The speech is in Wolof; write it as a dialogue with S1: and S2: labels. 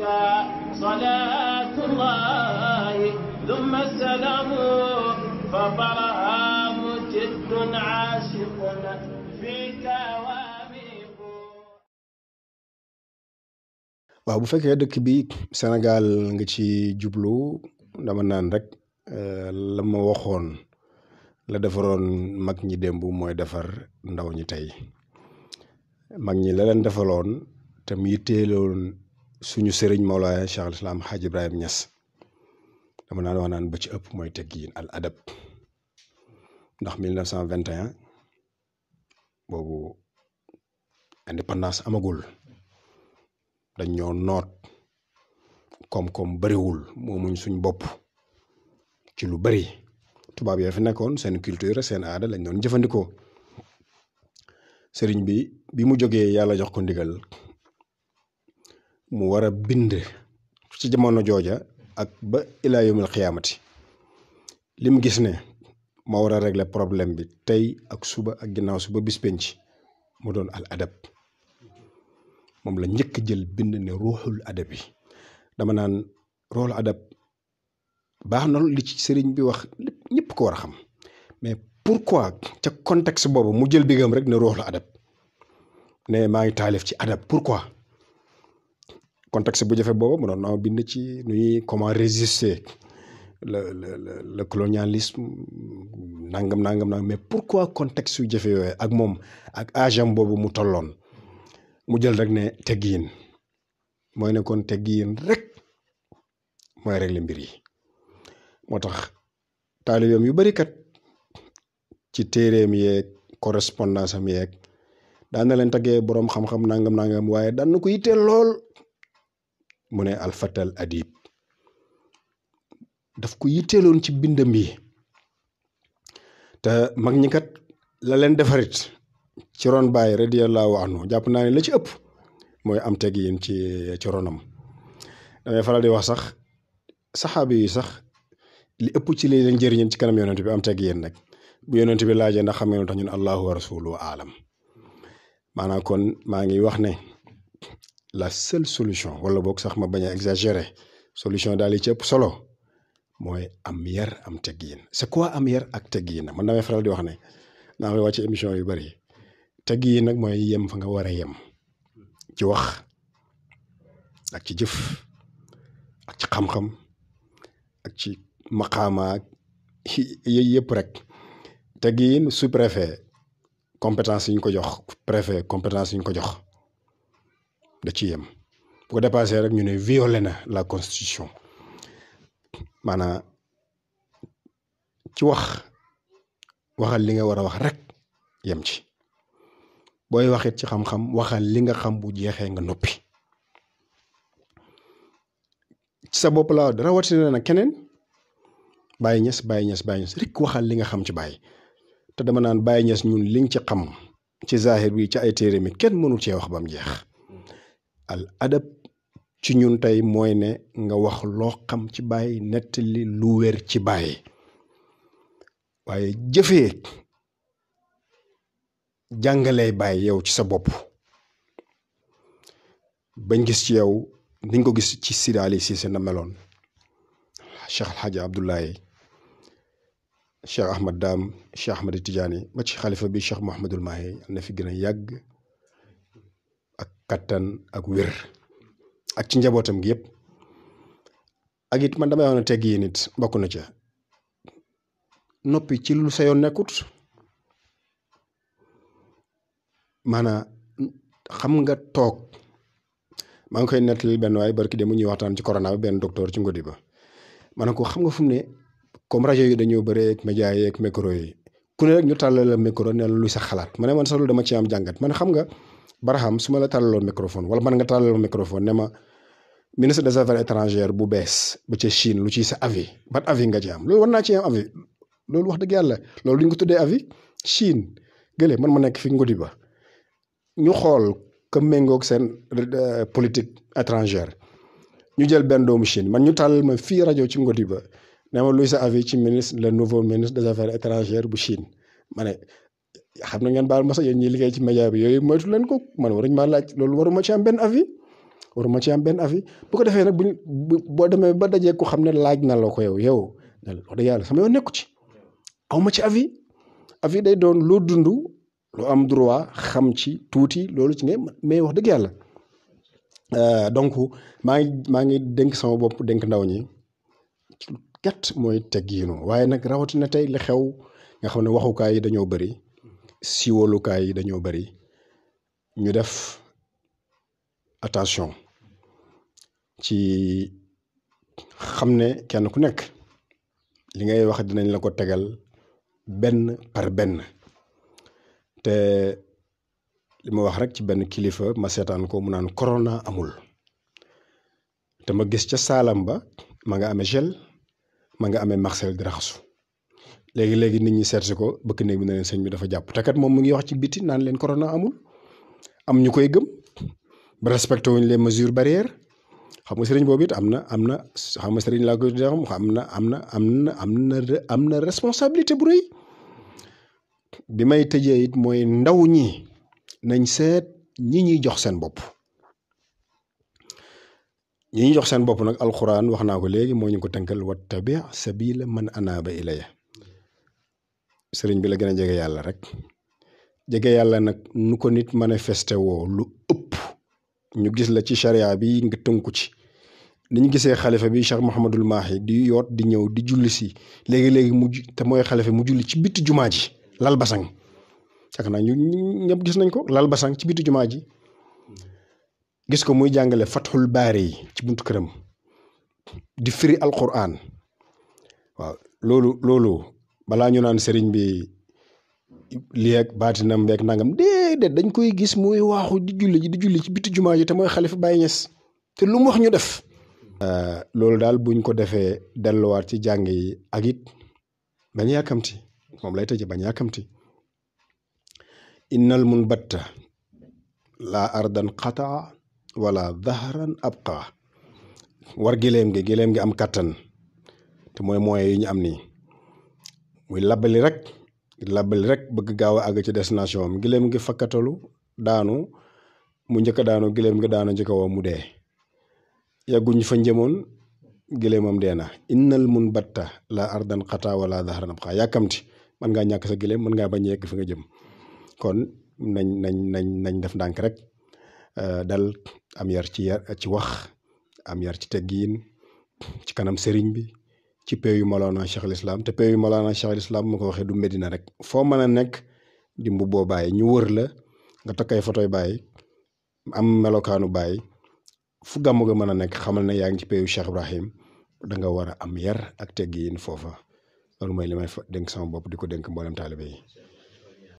S1: عليك waaw bu fekkee dëkk bi Sénégal nga ci jublu dama naan rek eh, lama waxoon la defaroon mag ñi démb mooy defar ndaw ñi tey mag ñi la leen defaloon te yitteeloon suñu sëriñ Mawlaaya Cheikh al Islam Hadj Ibrahim Niass dama naan wax naan ba ci ëpp mooy teggiin al adab ndax 1921 boobu indépendance amagul dañ ñoo noot koom-koom bariwul moomuñ suñ bopp ci lu bari tubaab yooyu fi nekkoon seen culture seen aada lañ doon jëfandikoo sëriñ bi bi mu jógee yàlla jox ko ndigal mu war a bind ci jamono jooja ak ba ilaa yawmil xiyaamati lim gis ne moo war a regle problème bi tey ak suba ak ginnaaw suba bis penc mu doon al adab moom la njëkk jël bind ne ruuxul adab dama naan roolu adab baax na li ci sëriñ bi wax lépp ñëpp ko war a xam mais pour pourquoi ca contexte boobu mu jël bigam rek ne ruuxul adab ne maa ngi taalif ci adab quoi contexte bu jafe boobu mënoon naa bind ci nu ñuy comment résister le le le colonialisme nangam nangam nangam mais pourquoi contexte yu jafe yooyu ak moom ak agent boobu mu tolloon mu jël rek ne teggiin mooy ne kon teggiin rek mooy régler mbir yi moo tax taalibeem yu bari kat ci téeréem yeeg correspondance am yeeg daan na leen taggee boroom xam-xam nangam nangam waaye daan na ko yitteel lool mu ne alfatal adib daf ko yitteeloon ci bindam yi te mag ñi kat la leen defarit ci ron baay radiyallahu anhu jàpp naa ne la ci ëpp mooy am teg yin ci ci ronam damay faral wax sax saxaabi yi sax li ëpp ci lii leen jëriñin ci kanam yonent bi am teg yéen nag bu yonent bi laajee ndax xam ngeen tax ñun allahu wa rasuluhu aalam maanaam kon maa ngi wax ne la seule solution wala boog sax ma bañ a exagérer solution daal yi ci solo mooy am yar am teggiin c'est quoi am yar ak teggiin man damay faral di wax ne naa koy wàcc émission yu bari teggiin nag mooy yem fa nga war a yem ci wax ak ci jëf ak ci xam-xam ak ci maqaama ak yooyu yëpp rek teggiin sous-préfet compétence yi ñu ko jox préfet compétence yi ñu ko jox. da ci yem bu ko dépassé rek ñu ne violé na la constitution maanaam ci wax waxal li nga war a wax rek yem ci booy waxit ci xam-xam waxal li nga xam bu jeexee nga noppi ci sa bopp laa dara rawatina nag keneen bàyyi ñes bàyyi ñes bàyyi ñes rek waxal li nga xam ci bàyyi te dama naan bàyyi ñes ñun liñ ci xam ci zahir bi ci ay téere mi kenn mënul cee wax ba jeex al adab ci ñun tey mooy ne nga wax loo xam ci bàyyi nettali lu wér ci bàyyi waaye jëfee jàngalee bàyyi yow ci sa bopp bañ gis ci yow niñ ko gis ci Sidi Ali Cissé na meloon Cheikh Alhaji Abdoulaye Cheikh Ahmad Dame Cheikh Ahmad Tidiane ba ci xalifa bi Cheikh Mouhamadul Mahi na fi gën a yàgg kattan ak wér ak ci njabootam gi yëpp ak man damay wax ne tegg yi bokk na ca noppi ci lu sa yoon nekkut maanaa xam nga toog maa ngi koy nettali benn waay barki de mu ñuy waxtaan ci corona bi benn docteur ci ngodi ba maanaam ko xam nga fu mu ne comme rajo yi dañoo bëree ak média yi micro yi ku ne rek ñu tàllal la micro ne la luy sa xalaat ma ne man sax dama ci am jàngat man xam nga Barham su ma la tàllaloo microphone wala man nga tàllaloo microphone nema ma ministre des affaires étrangères bu bees bu ca Chine lu ci sa avis ban avis nga ci am loolu war naa ci loolu wax dëgg yàlla loolu lu ñu ko tuddee avis Chine gële man ma nekk fi ngodi ba ñu xool que méngoog seen euh, politique étrangère ñu jël benn doomu Chine man ñu tàllal ma fii rajo ci ngodi ba ne ma luy sa avis ci ministre le nouveau ministre des affaires étrangères bu Chine ma ne xam na ngeen baal ma sax yéen ñi liggéey ci média bi yooyu moytu ko man waruñ maa laaj loolu waruma ci am benn avis waruma ci benn avis bu ko defee nag buñ boo demee ba dajee ko xam ne laaj na la ko yow yow wax dëgg yàlla sama yoon nekku ci aw ma ci avis avis day doon loo dund lu am droit xam ci tuuti loolu ci ngay mais wax dëgg yàlla euh, donc maa ngi maa ngi dénk sama bopp dénk ndaw ñi gàtt mooy teggiinu waaye nag rawatina tey li xew nga xam ne waxukaay yi dañoo bëri siiwalukaay yi dañoo bari ñu def attention ci xam ne kenn ku nekk li ngay wax dinañ la ko tegal benn par benn te li ma wax rek ci benn kilifa ma seetaan ko mu naan corona amul te ma gis ca saalam ba ma nga amee gel ma nga amee marcel draxasu léegi léegi nit ñi seet si ko bëkk néeg bi na leen sëñ bi dafa jàpp te moom mu ngi wax ci biti naan leen corona amul am koy gëm ba respecté wuñ les mesures barrières xam nga sëriñ boobu it am na am na xam nga laa koy xam am na am na am am na am na responsabilité bu rëy bi may tëjee it mooy ndaw ñi nañ seet ñi ñuy jox seen bopp. ñi ñuy jox seen bopp nag alxuraan wax naa ko léegi moo ñu ko tënkal wattabi sabila man anaaba ilaya sëriñ bi la gën a jege yàlla rek jege yàlla nag nu ko nit manifesté woo lu ëpp ñu gis la ci charia bi nga tënku ci ni ñu gisee xalifa bi Cheikh Mouhamadul Mahi di yoot di ñëw di julli si léegi-léegi mu te mooy xalifa mu julli ci bitti jumaa ji lal basang sak naa ñu ñëpp gis nañ ko lal basang ci bitti jumaa ji gis ko muy jàngale Fathul Baari yi ci buntu këram di firi alquran waaw loolu loolu balaa ñu naan sëriñ bi lii ak baatinam beeg nangam déedéet dañ koy gis mooy waaxu di julli ji di julli ci bitu jumaa ji te mooy xalifa Baye Niass te lu mu wax ñu def. Euh, loolu daal buñ ko defee delluwaat ci jàng yi ak it bañ yàkkamti moom lay tëjee bañ yàkkamti innal mun batta laa ardan qataa wala dahran abqa war gileem gi gileem gi am kattan te mooy moyens yi ñu am ni muy labbali rek labbali rek bëgg gaaw a àgg ci destination am gileem gi fakkatalu daanu mu njëkk daano daanu gileem gi daanu njëkk a woo mu dee yàgguñ fa njëmoon gileemam dee na innal mun batta la ardan xata wala dahran abqa yàkkamti mën ngaa ñàkk sa gileem mën ngaa bañ yegg fi nga jëm kon nañ nañ nañ nañ def ndànk rek euh, dal am yar ci yar ci wax am yar ci teggiin ci kanam sëriñ bi ci peeyu Mawlana Cheikh al Islam te peeyu Mawlana Cheikh al Islam mu ko waxee du Medina rek foo mën a nekk di mbubboo Baay ñu wër la nga takkay fotoy Baay am melokaanu Baay fu gàmmu ga mën a nekk xamal ne yaa ngi ci peeyu Cheikh Ibrahim da nga war am yar ak teggiin foofa loolu mooy li may dénk sama bopp di ko dénk mboolem taalibe yi.